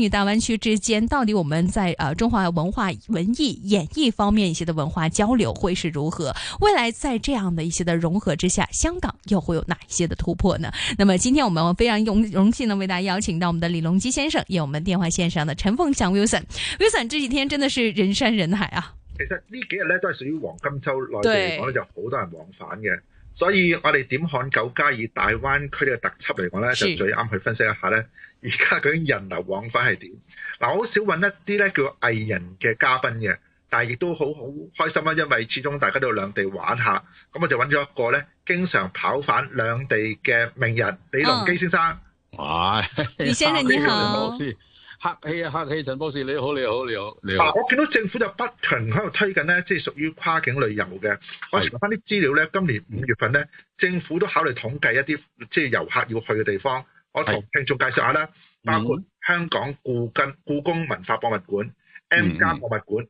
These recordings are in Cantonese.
與大灣區之間，到底我們在呃中華文化、文藝、演藝方面一些的文化交流會是如何？未來在這樣的一些的融合之下，香港又會有哪一些的突破呢？那麼今天我們非常榮榮幸地，為大家邀請到我們的李龍基先生，也有我們電話線上的陳鳳祥 Wilson。Wilson 這幾天真的是人山人海啊！其實呢幾日呢，都係屬於黃金周內地嚟講就好多人往返嘅，所以我哋點看九加二大灣區的呢個特輯嚟講呢，就最啱去分析一下呢。而家究竟人流往返係點？嗱，我好少揾一啲咧叫藝人嘅嘉賓嘅，但係亦都好好開心啦，因為始終大家都有兩地玩下，咁我就揾咗一個咧，經常跑返兩地嘅名人李龍基先生。係、哦，李先生你好， 陳博士，客氣啊，客氣，陳博士你好，你好，你好，你好。啊、我見到政府就不停喺度推緊咧，即係屬於跨境旅遊嘅。我查翻啲資料咧，今年五月份咧，政府都考慮統計一啲即係遊客要去嘅地方。我同聽眾介紹下啦，包括香港故宮故宮文化博物館、嗯、M+ 博物館、嗯、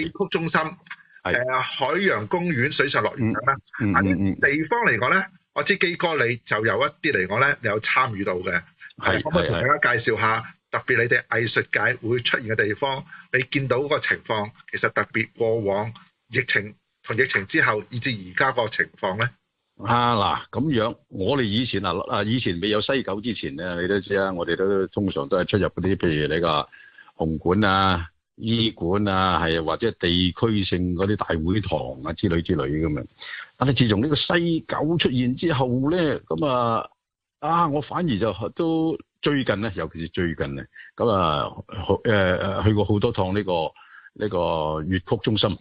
戲曲中心、誒、呃、海洋公園水上樂園等啦。嗯嗯、地方嚟講咧，我知基哥你就有一啲嚟講咧，你有參與到嘅。可唔可以同大家介紹下，特別你哋藝術界會出現嘅地方，你見到個情況，其實特別過往疫情同疫情之後，以至而家個情況咧。啊嗱，咁樣我哋以前啊，以前未有西九之前咧，你都知啊，我哋都通常都係出入嗰啲，譬如你個紅館啊、醫館啊，啊，或者地區性嗰啲大會堂啊之類之類。咁樣，但係自從呢個西九出現之後咧，咁啊啊，我反而就都最近咧，尤其是最近咧，咁啊，好誒誒，去過好多趟呢個呢個粵曲中心。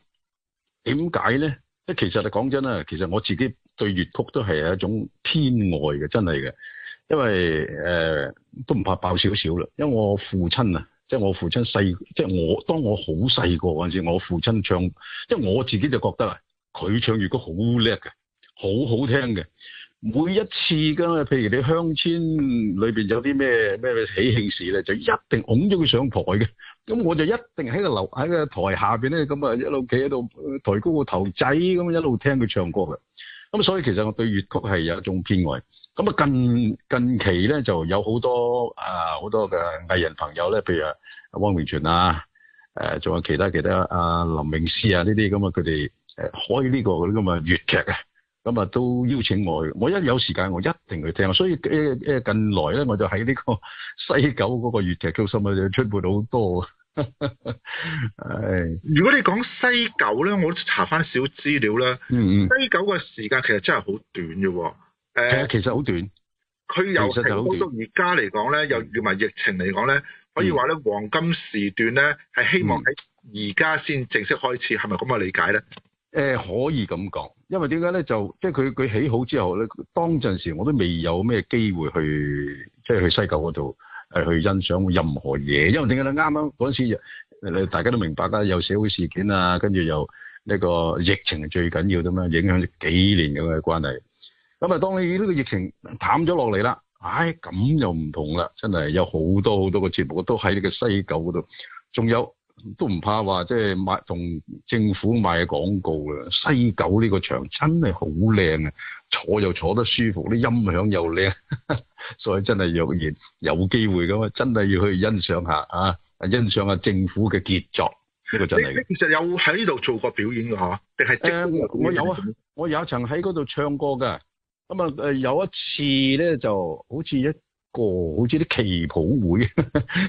點解咧？即其實你講真啊，其實我自己。對粵曲都係一種偏愛嘅，真係嘅。因為誒、呃、都唔怕爆少少啦。因為我父親啊，即係我父親細，即係我當我好細個嗰陣時，我父親唱，即係我自己就覺得啊，佢唱粵曲好叻嘅，好好聽嘅。每一次㗎，譬如你鄉村裏邊有啲咩咩喜慶事咧，就一定擁咗佢上台嘅。咁我就一定喺個樓喺個台下邊咧，咁啊一路企喺度抬高個頭仔咁一路聽佢唱歌嘅。咁、嗯、所以其實我對粵曲係有一種偏愛。咁、嗯、啊近近期咧就有好多啊好多嘅藝人朋友咧，譬如啊汪明荃啊，誒、啊、仲有其他其他啊林明斯啊呢啲咁啊佢哋誒開呢、呢個啲咁嘅粵劇啊，咁啊都邀請我，我一有時間我一定去聽。所以誒誒、呃、近來咧我就喺呢個西九嗰個粵劇中心啊，我出到好多。係， 如果你講西九咧，我都查翻少資料啦。嗯嗯。西九嘅時間其實真係好短嘅，誒、嗯，其實好短。佢由起好到而家嚟講咧，又連埋疫情嚟講咧，可以話咧黃金時段咧係希望喺而家先正式開始，係咪咁嘅理解咧？誒、呃，可以咁講，因為點解咧？就即係佢佢起好之後咧，當陣時我都未有咩機會去，即係去西九嗰度。係去欣賞任何嘢，因為點解咧？啱啱嗰陣時，大家都明白㗎，有社會事件啊，跟住又呢個疫情最緊要咁樣影響咗幾年咁嘅關係。咁啊，當你呢個疫情淡咗落嚟啦，唉，咁又唔同啦，真係有好多好多個節目都喺呢個西九度，仲有都唔怕話即係賣同政府賣廣告啦。西九呢個場真係好靚啊！坐又坐得舒服，啲音響又靚，所以真係若然有機會咁啊，真係要去欣賞下啊，欣賞下政府嘅傑作，呢個真係。你其實有喺呢度做過表演㗎嚇，定係、嗯、我有啊，我有曾喺嗰度唱過嘅。咁啊誒，有一次咧，就好似一個好似啲旗袍會，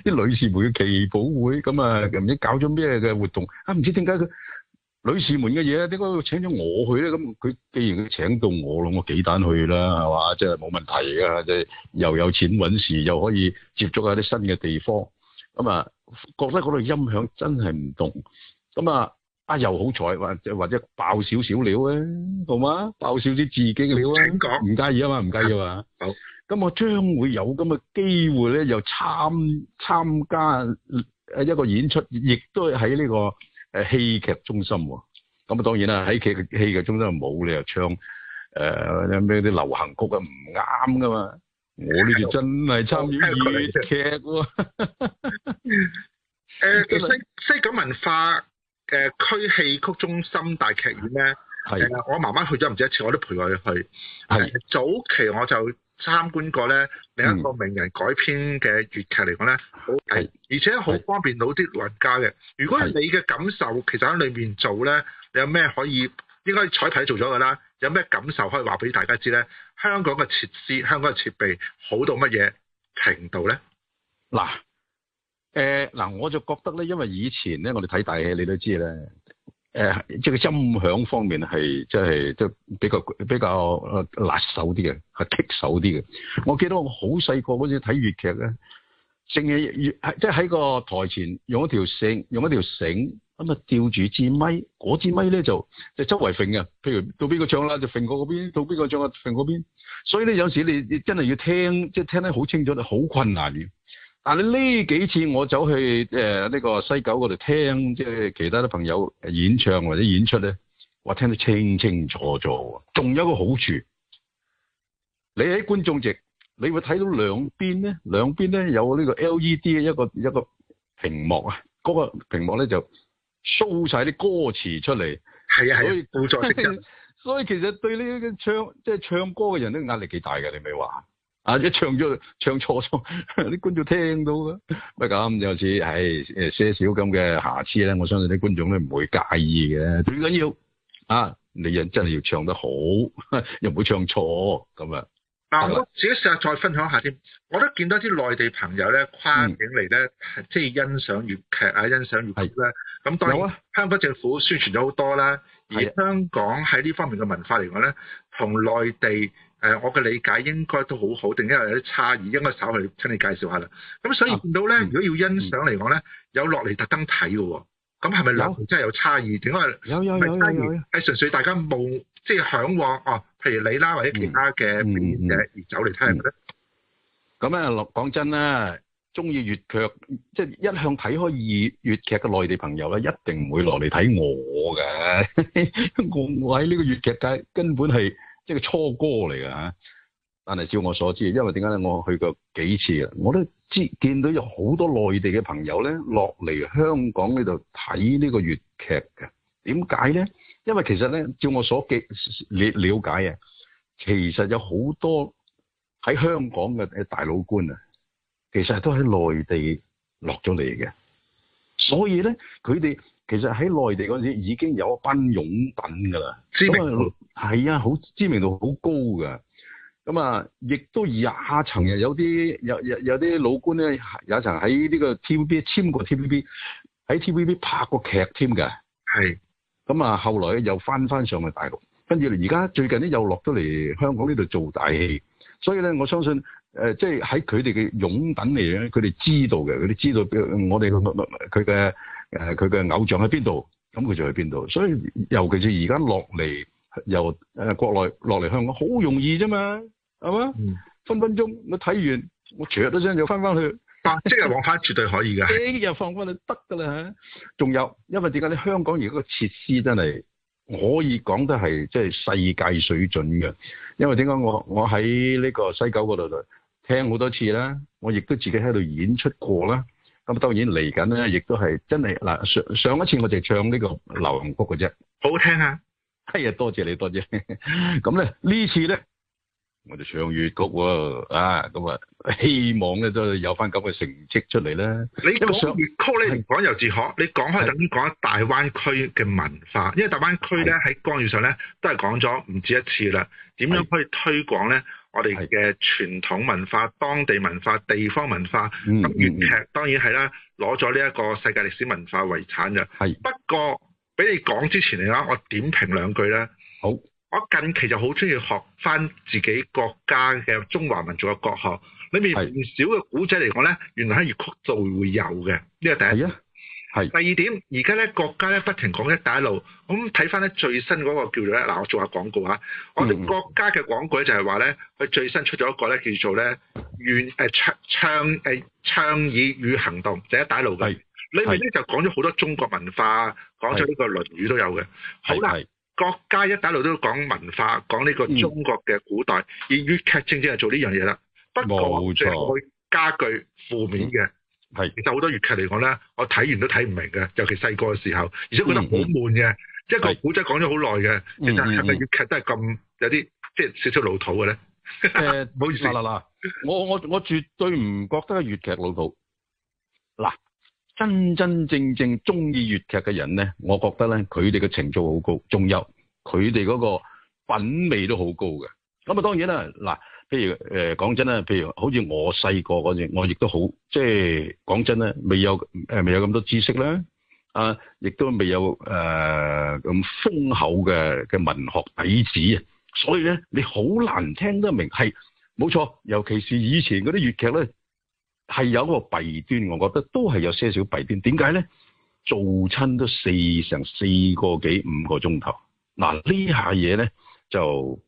啲女士們嘅旗袍會，咁啊唔知搞咗咩嘅活動，啊唔知點解佢。女士們嘅嘢，點解請咗我去咧？咁佢既然佢請到我咯，我幾單去啦，係嘛？即係冇問題㗎。即係又有錢搵事，又可以接觸下啲新嘅地方。咁、嗯、啊，覺得嗰度音響真係唔同。咁、嗯、啊，啊又好彩，或者或者爆少少料啊，好嘛？爆少啲自己嘅料啊，唔介意啊嘛，唔介意嘛。意嘛意嘛 好。咁我將會有咁嘅機會咧，又參參加誒一個演出，亦都喺呢、呢個。誒戲劇中心喎、啊，咁啊當然啦，喺戲劇中心冇理由唱誒咩啲流行曲啊，唔啱噶嘛！我呢度真係參與粵劇喎、啊。誒、嗯嗯 呃，西西九文化嘅、呃、區戲曲中心大劇院咧，係、啊呃啊、我媽媽去咗唔止一次，我都陪佢去。係、呃啊、早期我就，參觀過呢另一個名人改編嘅粵劇嚟講呢，好、嗯，而且好方便到啲老人家嘅。如果係你嘅感受，其實喺裏面做呢，你有咩可以？應該彩排做咗噶啦，有咩感受可以話俾大家知呢？香港嘅設施，香港嘅設備好到乜嘢程度呢？嗱、呃，誒、呃、嗱，我就覺得呢，因為以前呢，我哋睇大戲你都知啦。誒、呃，即係個音響方面係即係即係比較比較誒辣手啲嘅，係棘手啲嘅。我記得我好細個嗰陣睇粵劇咧，淨係粵係即係喺個台前用一條繩，用一條繩咁啊吊住支咪，嗰支咪咧就就周圍揈嘅。譬如到邊個唱啦，就揈過嗰邊；到邊個唱啊，揈過嗰邊。所以咧，有時你你真係要聽，即係聽得好清楚，就好困難嘅。但係呢幾次我走去誒呢、呃這個西九嗰度聽，即係其他啲朋友演唱或者演出咧，我聽得清清楚楚。仲有個好處，你喺觀眾席，你會睇到兩邊咧，兩邊咧有呢個 LED 嘅一個一個屏幕啊。嗰、那個、屏幕咧就 show 晒啲歌詞出嚟，係啊係啊，所以故作 所以其實對呢個唱，即、就、係、是、唱歌嘅人都壓力幾大嘅，你咪話。啊！一唱咗，唱錯咗，啲觀眾聽到嘅，乜咁有似唉誒些少咁嘅瑕疵咧？我相信啲觀眾咧唔會介意嘅。最緊要啊，你人真係要唱得好，又唔會唱錯咁啊！嗱，我自己試下再分享一下添。我都見到啲內地朋友咧，跨境嚟咧、嗯，即係欣賞粵劇啊，欣賞粵曲咧。咁當然、啊，香港政府宣傳咗好多啦。而香港喺呢方面嘅文化嚟講咧，同內地。誒、呃，我嘅理解應該都好好，定因為有啲差異，應該稍為請你介紹一下啦。咁所以見到咧、啊嗯嗯，如果要欣賞嚟講咧，有落嚟特登睇嘅喎。咁係咪兩地真係有差異？點解有有有有係純粹大家冇即係響喎。哦、就是啊，譬如你啦，或者其他嘅嘅、嗯嗯嗯嗯、走嚟聽嘅。咁啊，落講真啦，中意粵劇即係一向睇開粵劇嘅內地朋友咧，一定唔會落嚟睇我嘅。 我我喺呢個粵劇界根本係。即係初哥嚟噶吓，但係照我所知，因為點解咧？我去過幾次啊，我都知見到有好多內地嘅朋友咧，落嚟香港呢度睇呢個粵劇嘅。點解咧？因為其實咧，照我所記了、了解啊，其實有好多喺香港嘅大老官啊，其實都喺內地落咗嚟嘅，所以咧佢哋。他們其實喺內地嗰陣時已經有一班擁躉㗎啦，係啊，好知名度好高㗎。咁、嗯、啊，亦都、嗯、也曾有啲有有有啲老官咧，也曾喺呢個 TVB 簽過 TVB，喺 TVB 拍過劇添㗎。係。咁、嗯、啊、嗯，後來又翻翻上嚟大陸，跟住而家最近咧又落咗嚟香港呢度做大戲。所以咧，我相信誒，即係喺佢哋嘅擁躉嚟佢哋知道嘅，佢哋知道我哋佢嘅。誒，佢嘅偶像喺邊度？咁佢就去邊度。所以尤其是而家落嚟，又誒，國內落嚟香港好容易啫嘛，係嘛，嗯？分分鐘我睇完，我全日都想就翻翻去。啊、即日往翻絕對可以噶，即、哎、日放翻去得噶啦。仲有，因為點解咧？香港而家個設施真係可以講得係即係世界水準嘅。因為點解我我喺呢個西九嗰度度聽好多次啦，我亦都自己喺度演出過啦。咁當然嚟緊咧，亦都係真係嗱，上上一次我哋唱呢個流行曲嘅啫，好聽啊！嘿啊，多謝你，多謝你。咁 咧呢次咧，我就唱粵曲喎，啊，咁啊，希望咧都有翻咁嘅成績出嚟啦。你講粵曲呢，你唔講又自可，你講開等於講大灣區嘅文化，因為大灣區咧喺江耀上咧都係講咗唔止一次啦，點樣可以推廣咧？我哋嘅傳統文化、當地文化、地方文化，咁、嗯、粵劇當然係啦，攞咗呢一個世界歷史文化遺產嘅。係不過俾你講之前嚟講，我點評兩句咧。好，我近期就好中意學返自己國家嘅中華民族嘅國學，裏面唔少嘅古仔嚟講咧，原來喺粵曲就會有嘅。呢個第一個。係第二點，而家咧國家咧不停講一帶一路，咁睇翻咧最新嗰個叫做咧，嗱我做下廣告嚇、嗯，我哋國家嘅廣告咧就係話咧，佢最新出咗一個咧叫做咧願誒倡倡誒倡議與行動、就係、一帶一路嘅，裏面咧就講咗好多中國文化，講咗呢個論語都有嘅。好啦，國家一帶一路都講文化，講呢個中國嘅古代、嗯、而粵劇正正係做呢樣嘢啦。不過家，就錯，加具負面嘅。嗯係，其實好多粵劇嚟講咧，我睇完都睇唔明嘅，尤其細個嘅時候，而且佢得好悶嘅，係、嗯嗯即係、個古仔講咗好耐嘅，其實係咪粵劇都係咁、嗯嗯嗯、有啲即係少少老土嘅咧？誒、呃，唔好意思啦啦、呃呃呃，我我我絕對唔覺得係粵劇老土。嗱，真真正正中意粵劇嘅人咧，我覺得咧，佢哋嘅程度好高，仲有佢哋嗰個品味都好高嘅。咁啊，當然啦，嗱。譬如誒講、呃、真咧，譬如好似我細個嗰陣，我亦都好即係講真咧，未有誒、呃、未有咁多知識啦，啊，亦都未有誒咁、呃、豐厚嘅嘅文學底子啊，所以咧你好難聽得明係冇錯，尤其是以前嗰啲粵劇咧係有個弊端，我覺得都係有些少弊端。點解咧？做親都四成四個幾五個鐘頭，嗱、啊、呢下嘢咧就。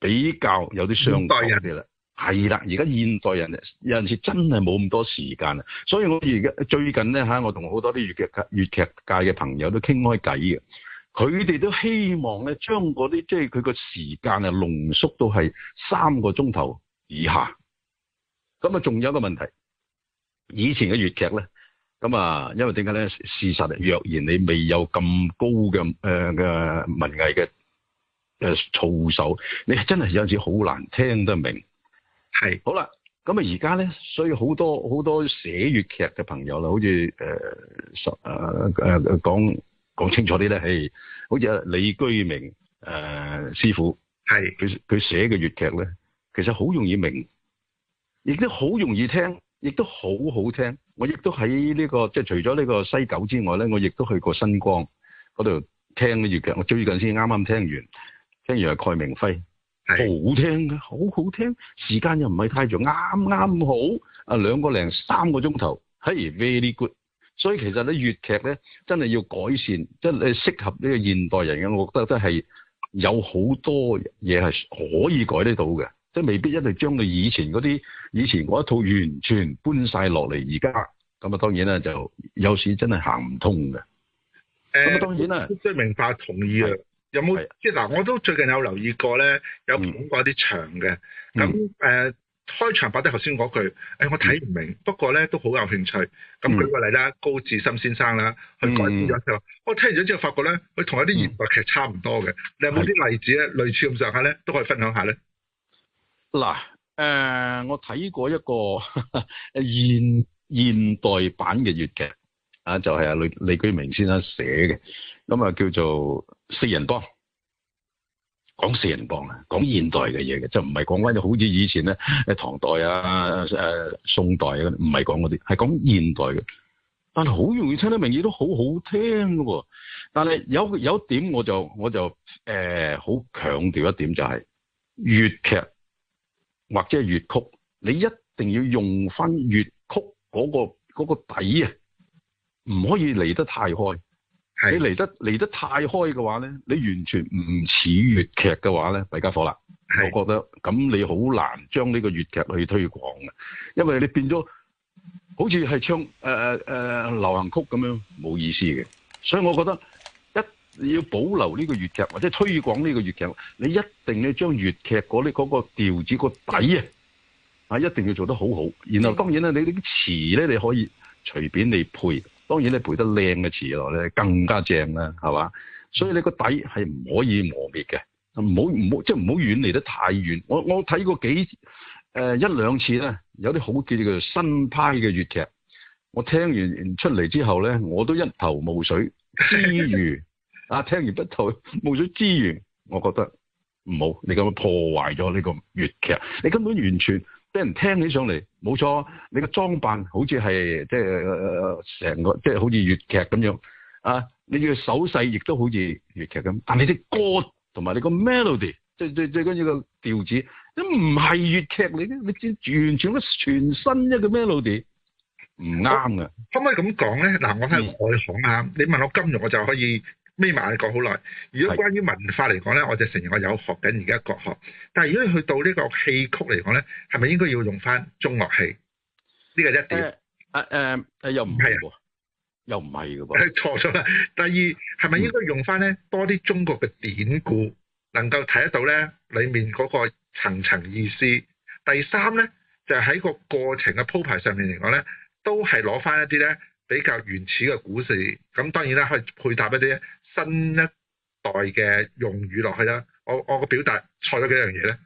比較有啲傷感嘅啦，係啦，而家現代人，現現代人有陣時真係冇咁多時間啊，所以我而家最近咧吓，我同好多啲粵劇界、粵劇界嘅朋友都傾開偈嘅，佢哋都希望咧將嗰啲即係佢個時間啊濃縮到係三個鐘頭以下。咁啊，仲有一個問題，以前嘅粵劇咧，咁啊，因為點解咧？事實若然你未有咁高嘅誒嘅文藝嘅。誒，操守，你真係有陣時好難聽得明。係，好啦，咁啊，而家咧，所以好多好多寫粵劇嘅朋友啦，好似誒，誒、呃、誒，講、呃、講清楚啲咧，係，好似李居明誒、呃、師傅，係，佢佢寫嘅粵劇咧，其實好容易明，亦都好容易聽，亦都好好聽。我亦都喺呢、這個即係除咗呢個西九之外咧，我亦都去過新光嗰度聽啲粵劇。我最近先啱啱聽完。聽完係蓋鳴暉，好聽嘅，好好聽。時間又唔係太長，啱啱好。啊、嗯，兩個零三個鐘頭，嘿，very good。所以其實咧粵劇咧，真係要改善，即係你適合呢個現代人嘅。我覺得真係有好多嘢係可以改得到嘅，即係未必一定將佢以前嗰啲以前嗰一套完全搬晒落嚟而家。咁啊，當然啦，就有時真係行唔通嘅。咁、欸、啊，當然啦，即係明白同意啊。有冇即係嗱？我都最近有留意過咧，有捧過一啲場嘅咁誒。開場擺得頭先嗰句，誒、哎、我睇唔明、嗯，不過咧都好有興趣。咁舉個例啦、嗯，高志深先生啦，佢改編咗之後，嗯、我聽完咗之後，發覺咧佢同一啲現代劇差唔多嘅、嗯。你有冇啲例子咧，類似咁上下咧，都可以分享下咧？嗱誒、呃，我睇過一個誒現，現代版嘅粵劇啊，就係、是、阿、啊、李李居明先生寫嘅，咁啊叫做。四人幫講四人幫啦，講現代嘅嘢嘅，就唔係講翻好似以前咧，誒唐代啊誒、呃、宋代啊，唔係講嗰啲，係講現代嘅。但係好容易聽得明，亦都好好聽噶、哦。但係有有一點我就我就誒好、呃、強調一點就係、是、粵劇或者粵曲，你一定要用翻粵曲嗰、那個嗰、那個底啊，唔可以離得太開。你嚟得嚟得太開嘅話呢，你完全唔似粵劇嘅話呢，弊家夥啦。我覺得咁你好難將呢個粵劇去推廣嘅，因為你變咗好似係唱誒誒誒流行曲咁樣，冇意思嘅。所以我覺得一你要保留呢個粵劇或者推廣呢個粵劇，你一定要將粵劇嗰啲嗰個調子個底啊，啊一定要做得好好。然後當然啦，你啲詞咧你可以隨便你配。當然你賠得靚嘅詞落咧，你更加正啦，係嘛？所以你個底係唔可以磨滅嘅，唔好唔好，即係唔好遠離得太遠。我我睇過幾誒、呃、一兩次咧，有啲好叫做新派嘅粵劇，我聽完出嚟之後咧，我都一頭霧水，之餘 啊，聽完一頭霧水之餘，我覺得唔好，你咁樣破壞咗呢個粵劇，你根本完全。畀人聽起上嚟冇錯，你個裝扮好似係即係成個，即、呃、係好似粵劇咁樣啊！你嘅手勢亦都好似粵劇咁，但你啲歌同埋你個 melody 最最最緊要個調子都唔係粵劇嚟嘅，你完全都全新一個 melody，唔啱嘅。可唔可以咁講咧？嗱，我係外行啊，你問我金融，我就可以。眯埋你講好耐。如果關於文化嚟講咧，我就承認我有學緊而家國學。但係如果去到呢個戲曲嚟講咧，係咪應該要用翻中樂器？呢、這個一點。誒誒又唔係啊？又唔係噶噃。錯咗啦。第二係咪應該用翻咧多啲中國嘅典故，嗯、能夠睇得到咧裏面嗰個層層意思。第三咧就喺、是、個過程嘅鋪排上面嚟講咧，都係攞翻一啲咧比較原始嘅故事。咁當然啦，可以配搭一啲新一代嘅用語落去啦，我我嘅表達錯咗幾樣嘢咧。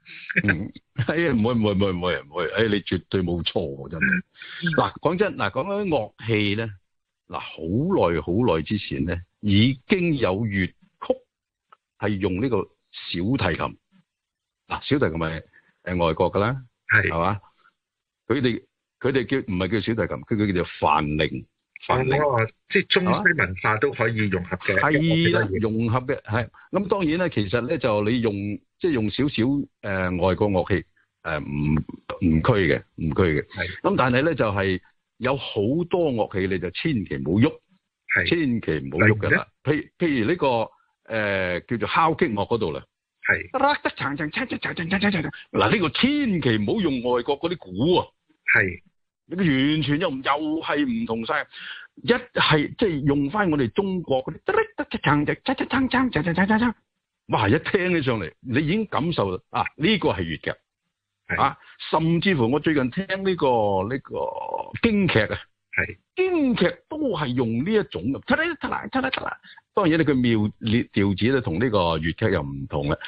係 啊、嗯，唔、哎、會唔會唔會唔會，哎，你絕對冇錯，真嘅。嗱、嗯啊，講真，嗱、啊、講緊樂器咧，嗱好耐好耐之前咧已經有粵曲係用呢個小提琴。嗱、啊，小提琴咪誒外國噶啦，係係嘛？佢哋佢哋叫唔係叫小提琴，佢佢叫做梵鈴。我、哦、話、嗯哦，即係中西文化都可以融合嘅，係啦、啊，融合嘅係。咁、嗯、當然咧，其實咧就你用，即、就、係、是、用少少誒外國樂器誒唔唔拘嘅，唔拘嘅。係。咁但係咧就係有好多樂器，呃不不不嗯就是、樂器你就千祈唔好喐，千祈唔好喐㗎啦。譬譬如呢、這個誒、呃、叫做敲擊樂嗰度咧，係，嗱呢個千祈唔好用外國嗰啲鼓啊，係。完全又又係唔同晒，一係即係用翻我哋中國嗰啲，哇！一聽起上嚟，你已經感受到啊，呢個係粵劇啊，甚至乎我最近聽呢個呢個京劇咧，係京劇都係用呢一種嘅，當然你佢妙列調子咧同呢個粵劇又唔同啦，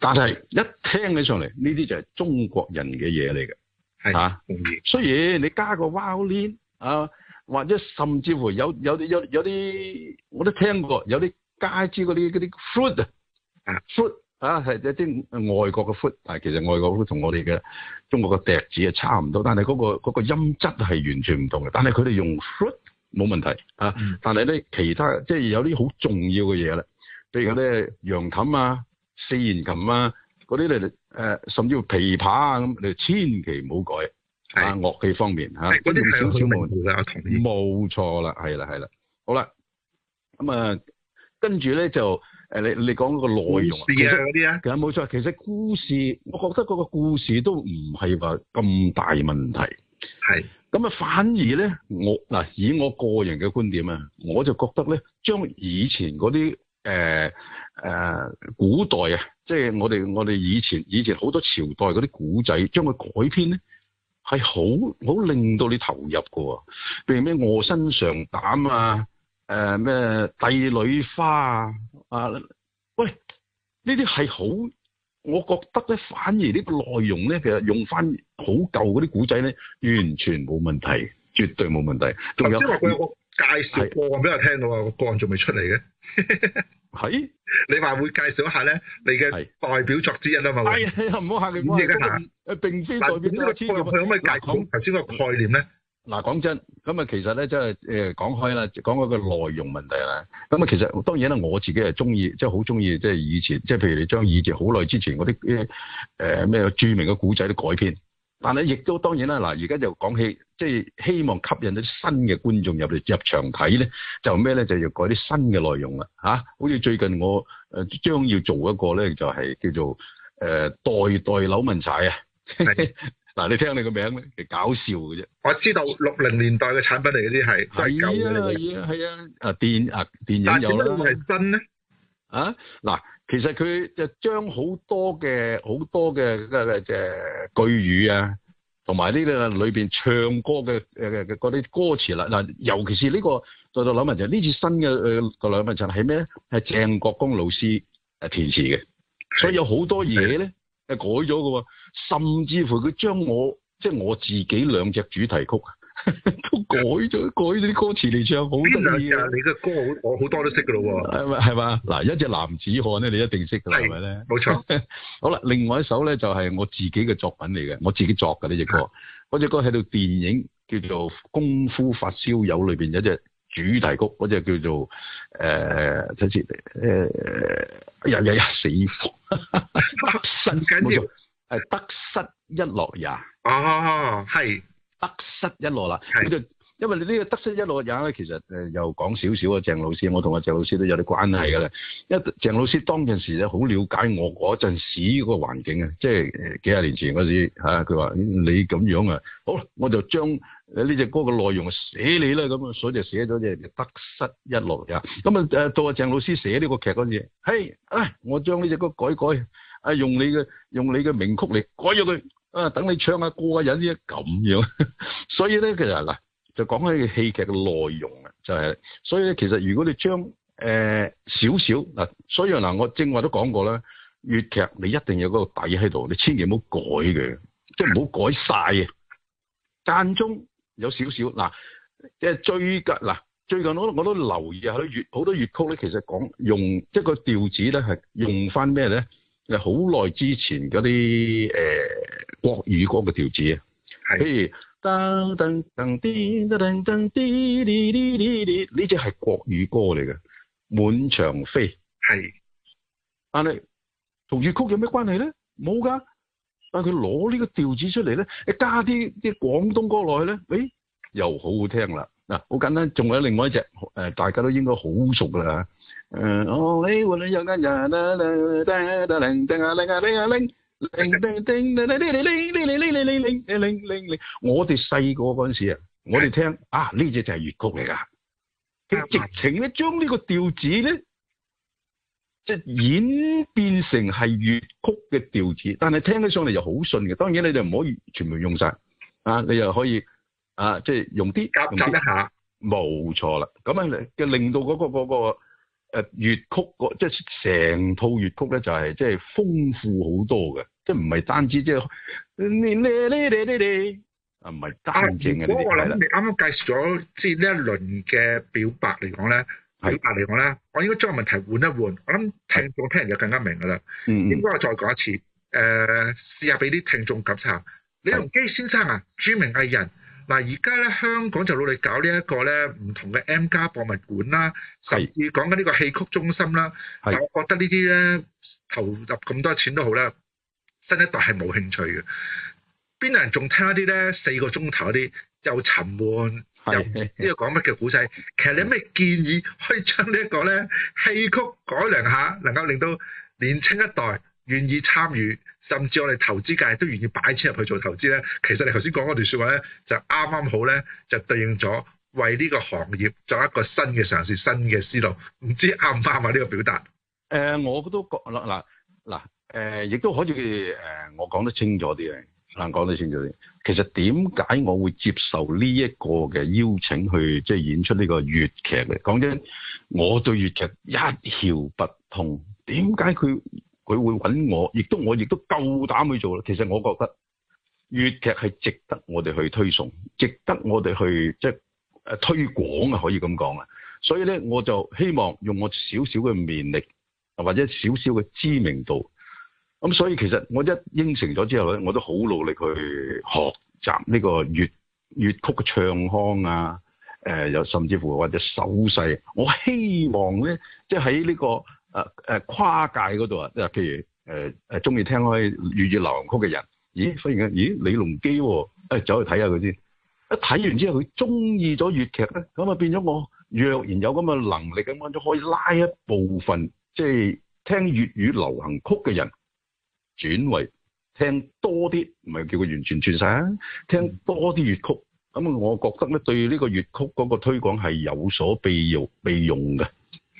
但係一聽起上嚟呢啲就係中國人嘅嘢嚟嘅。係啊、嗯，雖然你加個 violin 啊，或者甚至乎有有有有啲我都聽過，有啲街知嗰啲嗰啲 foot 啊，foot 啊係啲外國嘅 foot，但其實外國同我哋嘅中國嘅笛子啊差唔多，但係嗰、那個嗰、那個音質係完全唔同嘅。但係佢哋用 foot 冇問題啊，嗯、但係咧其他即係、就是、有啲好重要嘅嘢啦，譬如啲揚琴啊、四弦琴啊。嗰啲你嚟誒，甚至乎琵琶啊咁，你千祈唔好改啊！樂器方面嚇，嗰啲係冇問題，冇錯啦，係啦，係啦。好啦，咁啊，跟住咧就誒，你你講嗰個內容啊，其實啲啊，其實冇錯。其實故事，我覺得嗰個故事都唔係話咁大問題。係。咁啊，反而咧，我嗱以我個人嘅觀點啊，我就覺得咧，將以前嗰啲誒誒古代啊。即、就、係、是、我哋我哋以前以前好多朝代嗰啲古仔，將佢改編咧係好好令到你投入㗎喎。譬如咩《臥薪嘗膽》啊，咩、啊《帝女花》啊，啊喂，呢啲係好，我覺得咧反而呢個內容咧，其實用翻好舊嗰啲古仔咧，完全冇問題，絕對冇問題。頭先我有個介紹過俾人聽到啊，我個案仲未出嚟嘅。 係，你話會介紹一下咧，你嘅代表作之一啊嘛，係啊，唔好吓佢。唔知點解，誒，並非代表作。但係呢個，佢可唔可以概括頭先個概念咧？嗱，講真，咁啊，其實咧，即係誒，講開啦，講嗰個內容問題啦。咁啊，其實當然啦，我自己係中意，即係好中意，即係以前，即係譬如你將以前好耐之前嗰啲誒咩著名嘅古仔都改編。但係亦都當然啦，嗱，而家就講起，即、就、係、是、希望吸引啲新嘅觀眾入嚟入場睇咧，就咩咧？就要改啲新嘅內容啦，嚇、啊！好似最近我誒將、呃、要做一個咧，就係、是、叫做誒、呃、代代扭紋柴」啊！嗱， 你聽你個名咧，搞笑嘅啫。我知道六零年代嘅產品嚟嗰啲係，係舊嘅嘢，係啊，啊，啊，電電啊電影有啦。但係點解會係新咧？啊，嗱。其實佢就將好多嘅好多嘅嘅嘅句語啊，同埋呢個裏邊唱歌嘅嘅嘅嗰啲歌詞啦嗱，尤其是呢、這個再到諗下就呢次新嘅嘅個兩份就係咩咧？係、呃、鄭國江老師誒填詞嘅，所以有好多嘢咧誒改咗㗎喎，甚至乎佢將我即係我自己兩隻主題曲。 都改咗，改咗啲歌詞嚟唱，好得意啊！你嘅歌好，我好多都識噶咯喎。係咪係嘛？嗱，一隻男子漢咧，你一定識噶啦，係咪咧？冇錯。 好啦，另外一首咧就係我自己嘅作品嚟嘅，我自己作嘅呢隻歌。嗰隻歌喺度電影叫做《功夫發燒友》裏邊有一隻主題曲，嗰隻叫做誒，睇住誒，又又又死咗，得失緊要，得失一樂也。哦，係。得失一落啦，就，因為你呢個得失一落嘅人咧，其實誒、呃、又講少少啊。鄭老師，我同阿鄭老師都有啲關係嘅咧、嗯。因為鄭老師當陣時咧，好了解我嗰陣時個環境是、呃、啊，即係幾廿年前嗰時，吓佢話你咁樣啊，好，我就將呢隻、呃、歌嘅內容寫你啦，咁啊，所以就寫咗隻得失一落嘅。咁、嗯、啊，誒、呃、到阿鄭老師寫呢個劇嗰陣，嘿、哎、我將呢隻歌改改，啊用你嘅用你嘅名曲嚟改咗佢。啊！等你唱下、啊、歌啊，有啲咁樣， 所以咧，其實嗱，就講起戲劇嘅內容啊，就係、是，所以咧，其實如果你將誒少少嗱，所以嗱，我正話都講過啦，粵劇你一定要有嗰個底喺度，你千祈唔好改嘅，即係唔好改晒嘅， 間中有少少嗱，即係、呃、最近嗱，最近我我都留意下粵好多粵曲咧，其實講用即係個調子咧係用翻咩咧？好耐之前嗰啲誒。呃國語歌嘅調子啊，譬如噔噔噔，叮噔噔噔，哩哩哩哩哩，呢隻係國語歌嚟嘅，《滿場飛》係，但係同粵曲有咩關係咧？冇噶，但係佢攞呢個調子出嚟咧，誒加啲啲廣東歌落去咧，誒、哎、又好好聽啦。嗱、啊，好簡單，仲有另外一隻誒、呃，大家都應該好熟噶啦。誒，我喺我喺陽台呀，唻唻唻啊啊鈴啊鈴啊鈴。零零零零零零零零零零零零零，我哋細個嗰陣時啊，我哋聽啊呢隻就係粵曲嚟噶，佢直情咧將呢個調子咧，即係演變成係粵曲嘅調子，但係聽起上嚟就好順嘅。當然你，你就唔可以全部、就是、用晒啊，你又可以啊，即係用啲，夾一下，冇錯啦。咁樣就令到嗰、嗰個個。嗰個誒、呃，粵曲個即係成套粵曲咧、就是，就係即係豐富好多嘅，即係唔係單止即、就、係、是、你你你你你你啊唔係單指。我諗你啱啱介紹咗即係呢一輪嘅表白嚟講咧，表白嚟講咧，我應該將個問題換一換，我諗聽眾聽人就更加明噶啦。嗯，嗯，點解我再講一次？誒、呃，試下俾啲聽眾感受。李龍基先生啊，著名藝人。嗱，而家咧香港就努力搞呢一個咧唔同嘅 M+ 博物館啦，甚至講緊呢個戲曲中心啦。我覺得呢啲咧投入咁多錢都好啦，新一代係冇興趣嘅。邊度人仲聽一啲咧四個鐘頭啲又沉悶又呢個講乜嘅古仔？其實你有咩建議可以將呢一個咧戲曲改良下，能夠令到年青一代願意參與？甚至我哋投資界都願意擺錢入去做投資咧，其實你頭先講嗰段説話咧，就啱啱好咧，就對應咗為呢個行業作一個新嘅嘗試，新嘅思路。唔知啱唔啱啊？呢、呢個表達誒、呃，我都覺嗱嗱嗱誒，亦、呃、都可以誒、呃，我講得清楚啲啊。嗱講得清楚啲。其實點解我會接受呢一個嘅邀請去即係、就是、演出呢個粵劇嘅？講真，我對粵劇一竅不通，點解佢？佢會揾我，亦都我亦都夠膽去做啦。其實我覺得粵劇係值得我哋去推崇，值得我哋去即係、誒啊、推廣啊，可以咁講啊。所以咧，我就希望用我少少嘅綿力，或者少少嘅知名度。咁所以其實我一應承咗之後咧，我都好努力去學習呢個粵粵曲嘅唱腔啊，誒、呃，又甚至乎或者手勢。我希望咧，即係喺呢個。啊誒、啊、跨界嗰度啊，即係譬如誒誒中意聽開粵語流行曲嘅人，咦忽然間咦李龍基喎、啊，走、哎、去睇下佢先，一睇完之後佢中意咗粵劇咧，咁啊變咗我若然有咁嘅能力咁樣，就可以拉一部分即係、就是、聽粵語流行曲嘅人轉為聽多啲，唔係叫佢完全轉曬啊，聽多啲粵曲，咁我覺得咧對呢個粵曲嗰個推廣係有所必要備用嘅。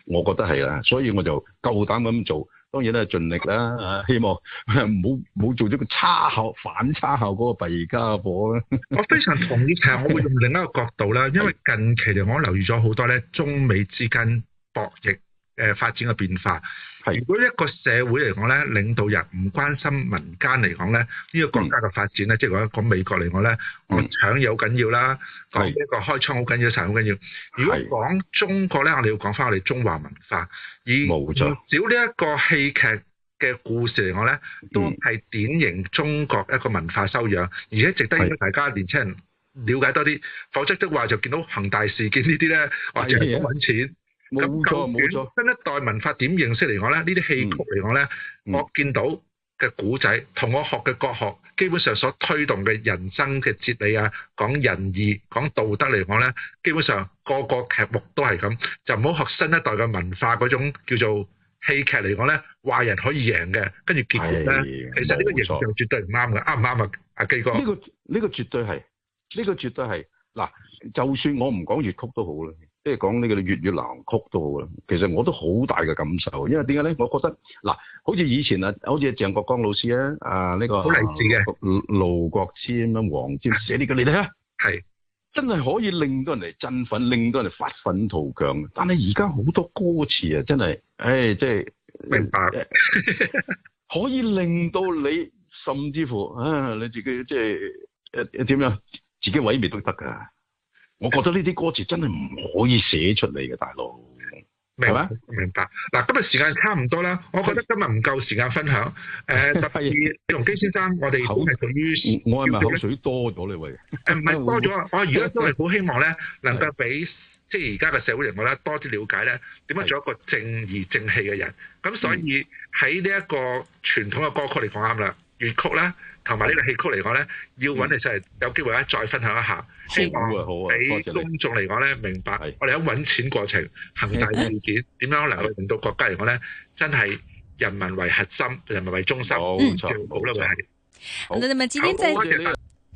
我覺得係啦，所以我就夠膽咁做。當然都係，盡力啦啊，希望唔好做呢個差效反差效果嘅弊傢伙啦。 我非常同意，其實我會用另一個角度咧，因為近期我留意咗好多咧，中美之間博弈。誒發展嘅變化，係如果一個社會嚟講咧，領導人唔關心民間嚟講咧，呢、呢個國家嘅發展咧、嗯，即係講講美國嚟講咧，搶好緊要啦，講呢一個開槍好緊要，財好緊要。如果講中國咧，我哋要講返我哋中華文化，以少呢一個戲劇嘅故事嚟講咧，都係典型中國一個文化修養，嗯、而且值得讓大家年輕人了解多啲，否則的係話就見到恒大事件呢啲咧，話淨係講搵錢。冇錯，咁究竟新一代文化點認識嚟講咧？嗯、這些戲呢啲戲曲嚟講咧，我見到嘅古仔，同我學嘅國學基本上所推動嘅人生嘅哲理啊，講仁義、講道德嚟講咧，基本上各個個劇目都係咁，就唔好學新一代嘅文化嗰種叫做戲劇嚟講咧，壞人可以贏嘅，跟住結局咧，其實呢個形象絕對唔啱嘅，啱唔啱啊？阿基哥，呢、這個呢、這個絕對係，呢、這個絕對係嗱，就算我唔講粵曲都好啦。即係講呢個粵語流行曲都好啊！其實我都好大嘅感受，因為點解咧？我覺得嗱，好似以前啊，好似鄭國江老師咧，啊呢、這個好勵志嘅，盧國霑啊，咁樣，黃霑寫呢、這個你睇下，係真係可以令到人哋振奮，令到人哋發憤圖強。但係而家好多歌詞啊，真係，誒、哎，即係明白， 可以令到你甚至乎啊，你自己即係誒誒，點、啊、樣自己毀滅都得噶。我覺得呢啲歌詞真係唔可以寫出嚟嘅，大佬，明白？明白。嗱，今日時間差唔多啦，我覺得今日唔夠時間分享。誒，特別是李龍基先生，我哋都係屬於我係咪口水多咗呢位。誒，唔係多咗， 我而家都係好希望咧，能夠俾即係而家嘅社會人物咧多啲了解咧，點樣做一個正義正氣嘅人。咁所以喺呢一個傳統嘅歌曲嚟講，啱啦，粵曲咧。同埋呢個戲曲嚟講咧，要揾嚟真係有機會咧再分享一下，嗯、希望俾公眾嚟講咧明白。我哋喺揾錢過程，恒大嘅意見點點樣能夠令到國家嚟講咧，真係人民為核心，人民為中心，嗯、好啦，會係。好，好好謝謝。